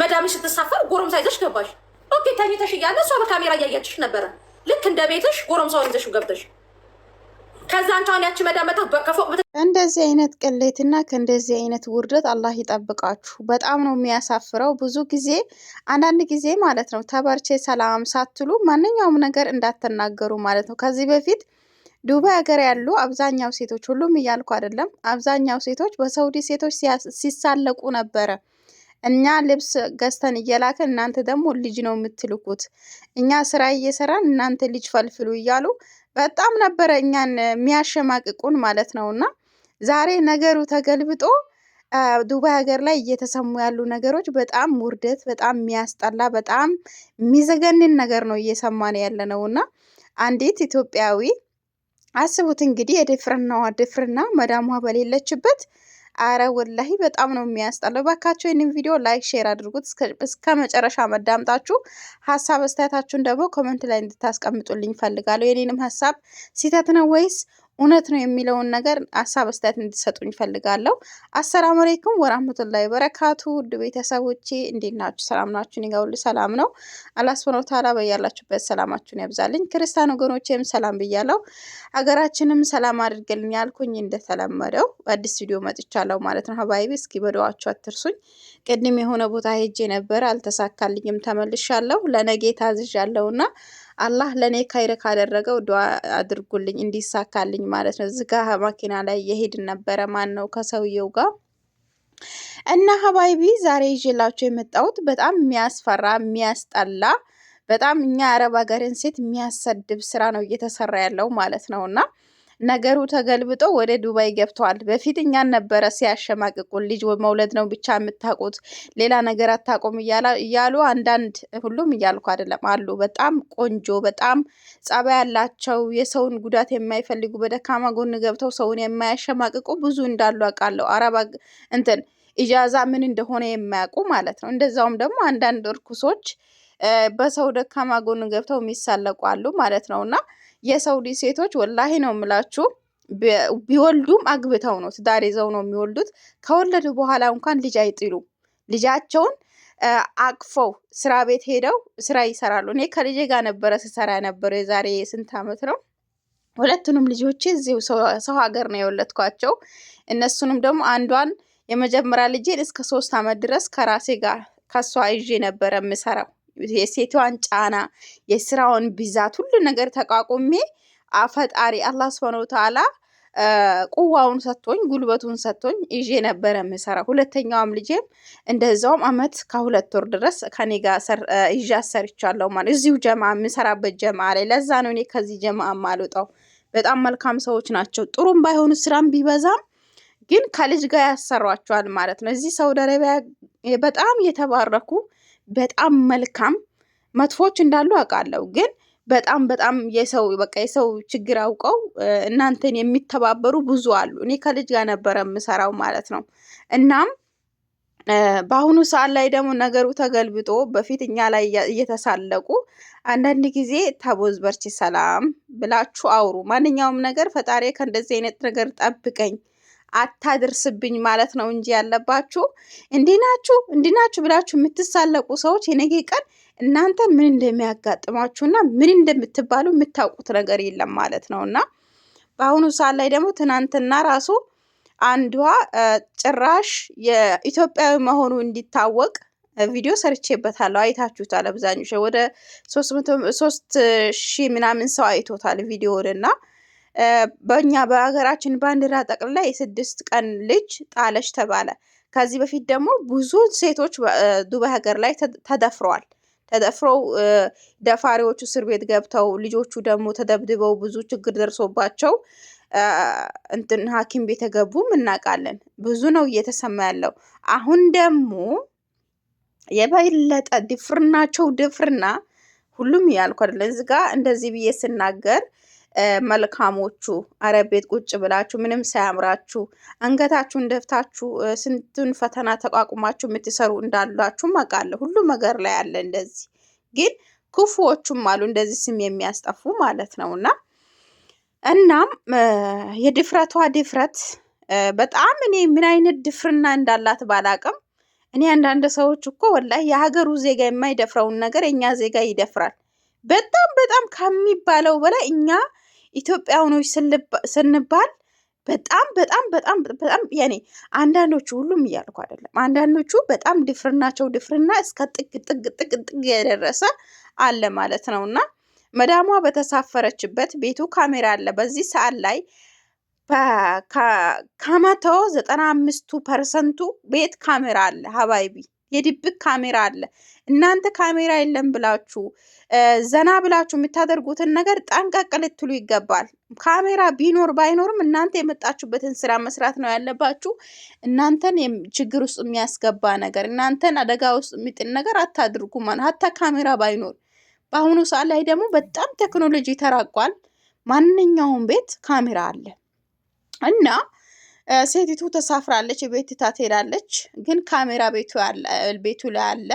መዳምሽ ስትሳፈር ጎረምሳ ይዘሽ ገባሽ። ኦኬ ተኝተሽ እያለ እሷ በካሜራ እያያችሽ ነበረ። ልክ እንደ ቤትሽ ጎረምሳውን ይዘሽ ገብተሽ ከዛ ያቺ መዳመታ እንደዚህ አይነት ቅሌትና ከእንደዚህ አይነት ውርደት አላህ ይጠብቃችሁ። በጣም ነው የሚያሳፍረው። ብዙ ጊዜ አንዳንድ ጊዜ ማለት ነው ተበርቼ ሰላም ሳትሉ ማንኛውም ነገር እንዳትናገሩ ማለት ነው። ከዚህ በፊት ዱባይ ሀገር ያሉ አብዛኛው ሴቶች፣ ሁሉም እያልኩ አይደለም፣ አብዛኛው ሴቶች በሳውዲ ሴቶች ሲሳለቁ ነበረ። እኛ ልብስ ገዝተን እየላክን እናንተ ደግሞ ልጅ ነው የምትልኩት፣ እኛ ስራ እየሰራን እናንተ ልጅ ፈልፍሉ እያሉ በጣም ነበረ እኛን የሚያሸማቅቁን ማለት ነው። እና ዛሬ ነገሩ ተገልብጦ ዱባይ ሀገር ላይ እየተሰሙ ያሉ ነገሮች በጣም ውርደት፣ በጣም የሚያስጠላ፣ በጣም የሚዘገንን ነገር ነው እየሰማን ያለ ነው እና አንዲት ኢትዮጵያዊ አስቡት እንግዲህ የድፍርናዋ ድፍርና መዳሟ በሌለችበት አረ ወላሂ በጣም ነው የሚያስጠላው። ባካቸው ይህንን ቪዲዮ ላይክ፣ ሼር አድርጉት እስከ መጨረሻ መዳምጣችሁ ሀሳብ አስተያየታችሁን ደግሞ ኮመንት ላይ እንድታስቀምጡልኝ ፈልጋለሁ። የኔንም ሀሳብ ሲተት ነው ወይስ እውነት ነው የሚለውን ነገር ሀሳብ አስተያየት እንድትሰጡኝ ይፈልጋለሁ። አሰላሙ አሌይኩም ወራህመቱላሂ በረካቱ ውድ ቤተሰቦቼ እንዴት ናችሁ? ሰላም ናችሁን? ይገውል ሰላም ነው። አላህ ሱብሃነሁ ወተዓላ በያላችሁበት ሰላማችሁን ያብዛልኝ። ክርስቲያን ወገኖቼም ሰላም ብያለሁ። ሀገራችንም ሰላም አድርግልኝ ያልኩኝ እንደተለመደው አዲስ ቪዲዮ መጥቻለሁ ማለት ነው። ሀባይቢ እስኪ በደዋችሁ አትርሱኝ። ቅድም የሆነ ቦታ ሄጄ ነበር፣ አልተሳካልኝም። ተመልሻለሁ። ለነጌ ታዝዣለሁና አላህ ለእኔ ካይረ ካደረገው ዱዓ አድርጉልኝ እንዲሳካልኝ ማለት ነው። እዚህ ጋር መኪና ላይ የሄድን ነበረ ማን ነው ከሰውየው ጋር እና ሀባይቢ ዛሬ ይዤላቸው የመጣሁት በጣም የሚያስፈራ የሚያስጠላ በጣም እኛ አረብ ሀገርን ሴት የሚያሰድብ ስራ ነው እየተሰራ ያለው ማለት ነው እና ነገሩ ተገልብጦ ወደ ዱባይ ገብተዋል። በፊት እኛን ነበረ ሲያሸማቅቁን ልጅ መውለድ ነው ብቻ የምታውቁት ሌላ ነገር አታውቁም እያሉ አንዳንድ ሁሉም እያልኩ አይደለም አሉ። በጣም ቆንጆ በጣም ጸባይ ያላቸው የሰውን ጉዳት የማይፈልጉ በደካማ ጎን ገብተው ሰውን የማያሸማቅቁ ብዙ እንዳሉ አውቃለሁ። አረባ እንትን ኢጃዛ ምን እንደሆነ የማያውቁ ማለት ነው። እንደዛውም ደግሞ አንዳንድ እርኩሶች በሰው ደካማ ጎን ገብተው የሚሳለቁ አሉ ማለት ነው እና የሳውዲ ሴቶች ወላሂ ነው የምላችሁ ቢወልዱም አግብተው ነው ትዳር ይዘው ነው የሚወልዱት። ከወለዱ በኋላ እንኳን ልጅ አይጥሉም። ልጃቸውን አቅፈው ስራ ቤት ሄደው ስራ ይሰራሉ። እኔ ከልጄ ጋር ነበረ ስሰራ የነበረው የዛሬ ስንት ዓመት ነው። ሁለቱንም ልጆች እዚሁ ሰው ሀገር ነው የወለድኳቸው። እነሱንም ደግሞ አንዷን የመጀመሪያ ልጄን እስከ ሶስት ዓመት ድረስ ከራሴ ጋር ከሷ ይዤ ነበረ የምሰራው። የሴቷን ጫና፣ የስራውን ብዛት ሁሉ ነገር ተቋቁሜ አፈጣሪ አላህ ስብሃነ ወተዓላ ቁዋውን ሰጥቶኝ ጉልበቱን ሰጥቶኝ ይዤ ነበረ ምሰራ። ሁለተኛውም ልጄም እንደዛውም አመት ከሁለት ወር ድረስ ከኔ ጋር ይዤ አሰርቻለሁ ማለት እዚሁ ጀማ የምሰራበት ጀማ ላይ። ለዛ ነው እኔ ከዚህ ጀማ የማልወጣው። በጣም መልካም ሰዎች ናቸው። ጥሩም ባይሆኑ ስራም ቢበዛም ግን ከልጅ ጋር ያሰሯቸዋል ማለት ነው። እዚህ ሳውዲ አረቢያ በጣም የተባረኩ በጣም መልካም መጥፎች እንዳሉ አውቃለሁ። ግን በጣም በጣም የሰው በቃ የሰው ችግር አውቀው እናንተን የሚተባበሩ ብዙ አሉ። እኔ ከልጅ ጋር ነበረ የምሰራው ማለት ነው። እናም በአሁኑ ሰዓት ላይ ደግሞ ነገሩ ተገልብጦ በፊት እኛ ላይ እየተሳለቁ አንዳንድ ጊዜ ታቦዝ በርቺ ሰላም ብላችሁ አውሩ። ማንኛውም ነገር ፈጣሪ ከእንደዚህ አይነት ነገር ጠብቀኝ አታድርስብኝ ማለት ነው እንጂ ያለባችሁ እንዲህ ናችሁ እንዲህ ናችሁ ብላችሁ የምትሳለቁ ሰዎች የነገ ቀን እናንተ ምን እንደሚያጋጥማችሁና ምን እንደምትባሉ የምታውቁት ነገር የለም ማለት ነው እና በአሁኑ ሰዓት ላይ ደግሞ ትናንትና ራሱ አንዷ ጭራሽ የኢትዮጵያዊ መሆኑ እንዲታወቅ ቪዲዮ ሰርቼበታለሁ። አይታችሁታል። አብዛኞች ወደ ሶስት ሺህ ምናምን ሰው አይቶታል ቪዲዮውን እና በእኛ በሀገራችን ባንዲራ ጠቅልላ የስድስት ቀን ልጅ ጣለች ተባለ። ከዚህ በፊት ደግሞ ብዙ ሴቶች ዱባይ ሀገር ላይ ተደፍረዋል። ተደፍረው ደፋሪዎቹ እስር ቤት ገብተው ልጆቹ ደግሞ ተደብድበው ብዙ ችግር ደርሶባቸው እንትን ሐኪም ቤት የገቡም እናውቃለን። ብዙ ነው እየተሰማ ያለው። አሁን ደግሞ የበለጠ ድፍርናቸው ድፍርና ሁሉም ያልኩ አይደለም። እዚህ ጋር እንደዚህ ብዬ ስናገር መልካሞቹ አረብ ቤት ቁጭ ብላችሁ ምንም ሳያምራችሁ አንገታችሁን ደፍታችሁ ስንቱን ፈተና ተቋቁማችሁ የምትሰሩ እንዳሏችሁም አውቃለሁ። ሁሉም ነገር ላይ አለ። እንደዚህ ግን ክፉዎቹም አሉ እንደዚህ ስም የሚያስጠፉ ማለት ነው። እና እናም የድፍረቷ ድፍረት በጣም እኔ ምን አይነት ድፍርና እንዳላት ባላቅም እኔ አንዳንድ ሰዎች እኮ ወላሂ የሀገሩ ዜጋ የማይደፍረውን ነገር የእኛ ዜጋ ይደፍራል። በጣም በጣም ከሚባለው በላይ እኛ ኢትዮጵያውኖች ስንባል በጣም በጣም በጣም በጣም ያኔ አንዳንዶቹ ሁሉም እያልኩ አይደለም። አንዳንዶቹ በጣም ድፍርናቸው ድፍርና እስከ ጥግ ጥግ ጥግ ጥግ የደረሰ አለ ማለት ነው። እና መዳሟ በተሳፈረችበት ቤቱ ካሜራ አለ። በዚህ ሰዓት ላይ ከመቶ ዘጠና አምስቱ ፐርሰንቱ ቤት ካሜራ አለ ሀባይቢ የድብቅ ካሜራ አለ። እናንተ ካሜራ የለም ብላችሁ ዘና ብላችሁ የምታደርጉትን ነገር ጠንቀቅ ልትሉ ይገባል። ካሜራ ቢኖር ባይኖርም እናንተ የመጣችሁበትን ስራ መስራት ነው ያለባችሁ። እናንተን ችግር ውስጥ የሚያስገባ ነገር፣ እናንተን አደጋ ውስጥ የሚጥል ነገር አታድርጉ። ሀታ ካሜራ ባይኖር በአሁኑ ሰዓት ላይ ደግሞ በጣም ቴክኖሎጂ ተራቋል። ማንኛውም ቤት ካሜራ አለ እና ሴቲቱ ተሳፍራለች፣ ቤት ትታ ትሄዳለች። ግን ካሜራ ቤቱ ላይ አለ።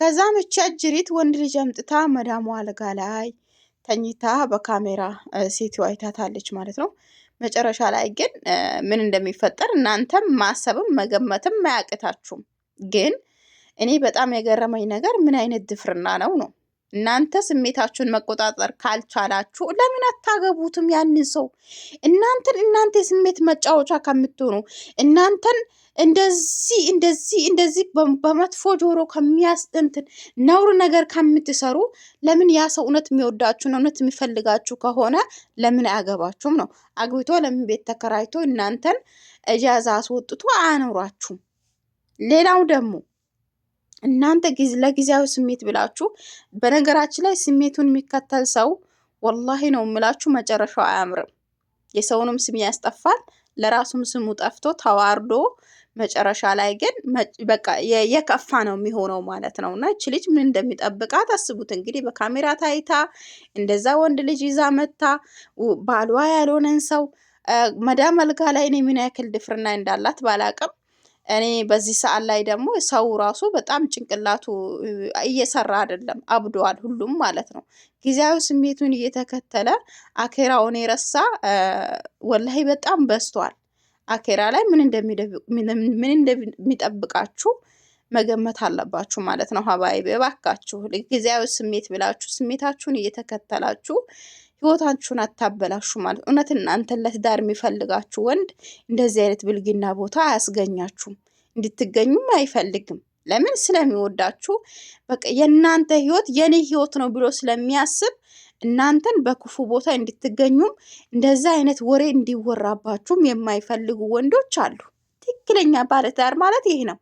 ከዛ ምቺ ጅሪት ወንድ ልጅ አምጥታ መዳሙ አልጋ ላይ ተኝታ በካሜራ ሴቱ አይታታለች ማለት ነው። መጨረሻ ላይ ግን ምን እንደሚፈጠር እናንተም ማሰብም መገመትም አያቅታችሁም። ግን እኔ በጣም የገረመኝ ነገር ምን አይነት ድፍርና ነው ነው እናንተ ስሜታችሁን መቆጣጠር ካልቻላችሁ ለምን አታገቡትም? ያንን ሰው እናንተን እናንተ የስሜት መጫወቻ ከምትሆኑ እናንተን እንደዚህ እንደዚህ እንደዚህ በመጥፎ ጆሮ ከሚያስጥንትን ነውር ነገር ከምትሰሩ ለምን ያ ሰው እውነት የሚወዳችሁን እውነት የሚፈልጋችሁ ከሆነ ለምን አያገባችሁም ነው። አግብቶ ለምን ቤት ተከራይቶ እናንተን እጃዛ አስወጥቶ አያኖራችሁም? ሌላው ደግሞ እናንተ ለጊዜያዊ ስሜት ብላችሁ በነገራችን ላይ ስሜቱን የሚከተል ሰው ወላሂ ነው የምላችሁ መጨረሻው አያምርም። የሰውንም ስም ያስጠፋል፣ ለራሱም ስሙ ጠፍቶ ተዋርዶ መጨረሻ ላይ ግን በቃ የከፋ ነው የሚሆነው ማለት ነው። እና እች ልጅ ምን እንደሚጠብቃት አስቡት እንግዲህ። በካሜራ ታይታ እንደዛ ወንድ ልጅ ይዛ መታ ባሏ ያልሆነን ሰው መዳም አልጋ ላይ እኔ ምን ያክል ድፍርና እንዳላት ባላቅም እኔ በዚህ ሰዓት ላይ ደግሞ ሰው ራሱ በጣም ጭንቅላቱ እየሰራ አይደለም፣ አብዷል ሁሉም ማለት ነው። ጊዜያዊ ስሜቱን እየተከተለ አኬራውን የረሳ ወላሂ በጣም በዝቷል። አኬራ ላይ ምን እንደሚጠብቃችሁ መገመት አለባችሁ ማለት ነው። ሀባይ እባካችሁ ጊዜያዊ ስሜት ብላችሁ ስሜታችሁን እየተከተላችሁ ህይወታችሁን አታበላሹ ማለት። እውነት እናንተን ለትዳር የሚፈልጋችሁ ወንድ እንደዚህ አይነት ብልግና ቦታ አያስገኛችሁም፣ እንድትገኙም አይፈልግም። ለምን ስለሚወዳችሁ፣ በቃ የእናንተ ህይወት የኔ ህይወት ነው ብሎ ስለሚያስብ እናንተን በክፉ ቦታ እንድትገኙም እንደዛ አይነት ወሬ እንዲወራባችሁም የማይፈልጉ ወንዶች አሉ። ትክክለኛ ባለትዳር ማለት ይሄ ነው።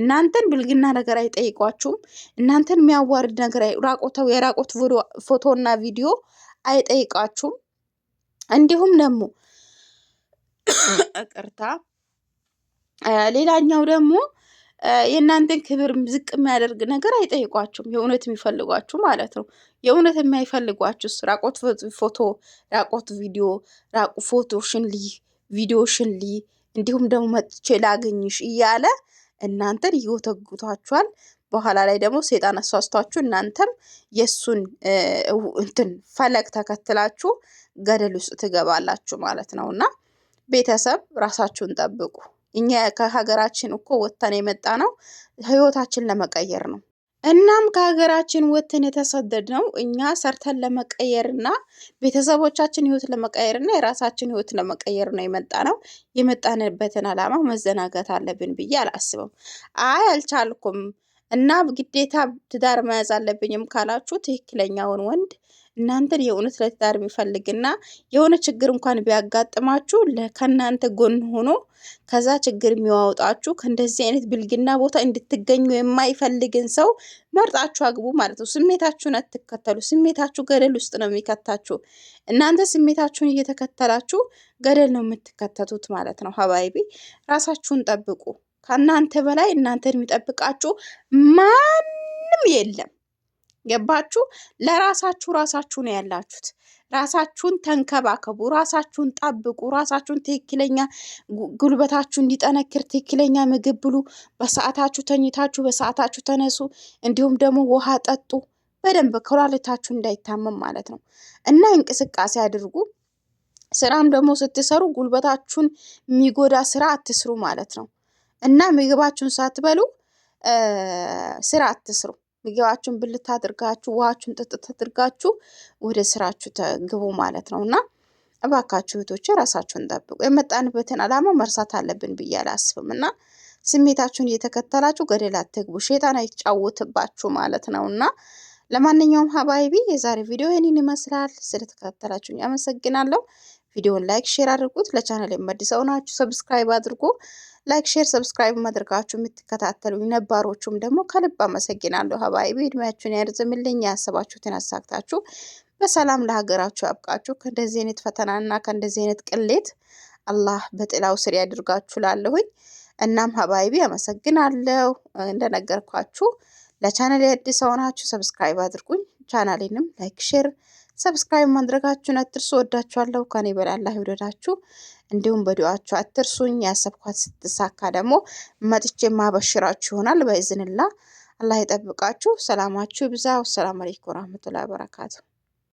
እናንተን ብልግና ነገር አይጠይቋችሁም። እናንተን የሚያዋርድ ነገር ራቆተው የራቆት ፎቶና ቪዲዮ አይጠይቃችሁም። እንዲሁም ደግሞ ቅርታ ሌላኛው ደግሞ የእናንተን ክብር ዝቅ የሚያደርግ ነገር አይጠይቋችሁም። የእውነት የሚፈልጓችሁ ማለት ነው። የእውነት የማይፈልጓችሁ ራቆት ፎቶ፣ ራቆት ቪዲዮ፣ ራቁ ፎቶ ልይ፣ ቪዲዮ ልይ፣ እንዲሁም ደግሞ መጥቼ ላገኝሽ እያለ እናንተን ይጎተጉቷችኋል። በኋላ ላይ ደግሞ ሴጣን አሳስቷችሁ እናንተም የእሱን እንትን ፈለግ ተከትላችሁ ገደል ውስጥ ትገባላችሁ ማለት ነው። እና ቤተሰብ ራሳችሁን ጠብቁ። እኛ ከሀገራችን እኮ ወጥተን የመጣ ነው ህይወታችን ለመቀየር ነው። እናም ከሀገራችን ወጥተን ነው። እኛ ሰርተን ለመቀየርና ቤተሰቦቻችን ህይወት ለመቀየርና የራሳችን ህይወት ለመቀየር ነው የመጣ ነው። የመጣንበትን አላማ መዘናጋት አለብን ብዬ አላስብም። አይ አልቻልኩም እና ግዴታ ትዳር መያዝ አለብኝም ካላችሁ ትክክለኛውን ወንድ እናንተን የእውነት ለትዳር የሚፈልግና የሆነ ችግር እንኳን ቢያጋጥማችሁ ከእናንተ ጎን ሆኖ ከዛ ችግር የሚዋውጣችሁ ከእንደዚህ አይነት ብልግና ቦታ እንድትገኙ የማይፈልግን ሰው መርጣችሁ አግቡ ማለት ነው። ስሜታችሁን አትከተሉ። ስሜታችሁ ገደል ውስጥ ነው የሚከታችሁ። እናንተ ስሜታችሁን እየተከተላችሁ ገደል ነው የምትከተቱት ማለት ነው። ሀባይቢ ራሳችሁን ጠብቁ። ከእናንተ በላይ እናንተን የሚጠብቃችሁ ማንም የለም። ገባችሁ? ለራሳችሁ ራሳችሁ ነው ያላችሁት። ራሳችሁን ተንከባከቡ፣ ራሳችሁን ጠብቁ፣ ራሳችሁን ትክክለኛ ጉልበታችሁ እንዲጠነክር ትክክለኛ ምግብ ብሉ፣ በሰዓታችሁ ተኝታችሁ በሰዓታችሁ ተነሱ፣ እንዲሁም ደግሞ ውሃ ጠጡ በደንብ ኩላሊታችሁ እንዳይታመም ማለት ነው እና እንቅስቃሴ አድርጉ። ስራም ደግሞ ስትሰሩ ጉልበታችሁን የሚጎዳ ስራ አትስሩ ማለት ነው። እና ምግባችሁን ሳትበሉ ስራ አትስሩ። ምግባችሁን ብልት አድርጋችሁ ውሃችሁን ጥጥት አድርጋችሁ ወደ ስራችሁ ተግቡ ማለት ነው እና እባካችሁ እህቶች ራሳችሁን ጠብቁ። የመጣንበትን ዓላማ መርሳት አለብን ብዬ አላስብም እና ስሜታችሁን እየተከተላችሁ ገደል አትግቡ። ሼጣን አይጫወትባችሁ ማለት ነው እና ለማንኛውም ሀባይቢ የዛሬ ቪዲዮ ይህንን ይመስላል። ስለተከታተላችሁኝ አመሰግናለሁ። ቪዲዮን ላይክ፣ ሼር አድርጉት። ለቻናል የመድሰው ናችሁ ሰብስክራይብ አድርጎ ላይክ፣ ሼር፣ ሰብስክራይብ ማድረጋችሁ የምትከታተሉኝ ነባሮቹም ደግሞ ከልብ አመሰግናለሁ። ሀባይቢ እድሜያችሁን ያርዝምልኝ፣ ያሰባችሁትን ያሳክታችሁ፣ በሰላም ለሀገራችሁ ያብቃችሁ። ከእንደዚህ አይነት ፈተናና ከእንደዚህ አይነት ቅሌት አላህ በጥላው ስር ያድርጋችሁ ላለሁኝ እናም ሀባይቢ አመሰግናለሁ። እንደነገርኳችሁ ለቻናል የአዲስ ሆናችሁ ሰብስክራይብ አድርጉኝ። ቻናሌንም ላይክ ሼር ሰብስክራይብ ማድረጋችሁን አትርሱ። ወዳችኋለሁ። ከኔ በላይ አላህ ይውደዳችሁ። እንዲሁም በዱዓችሁ አትርሱኝ። ያሰብኳት ስትሳካ ደግሞ መጥቼ ማበሽራችሁ ይሆናል በእዝንላ። አላህ ይጠብቃችሁ። ሰላማችሁ ይብዛ። ወሰላም አለይኩም ወራህመቱላሂ ወበረካቱ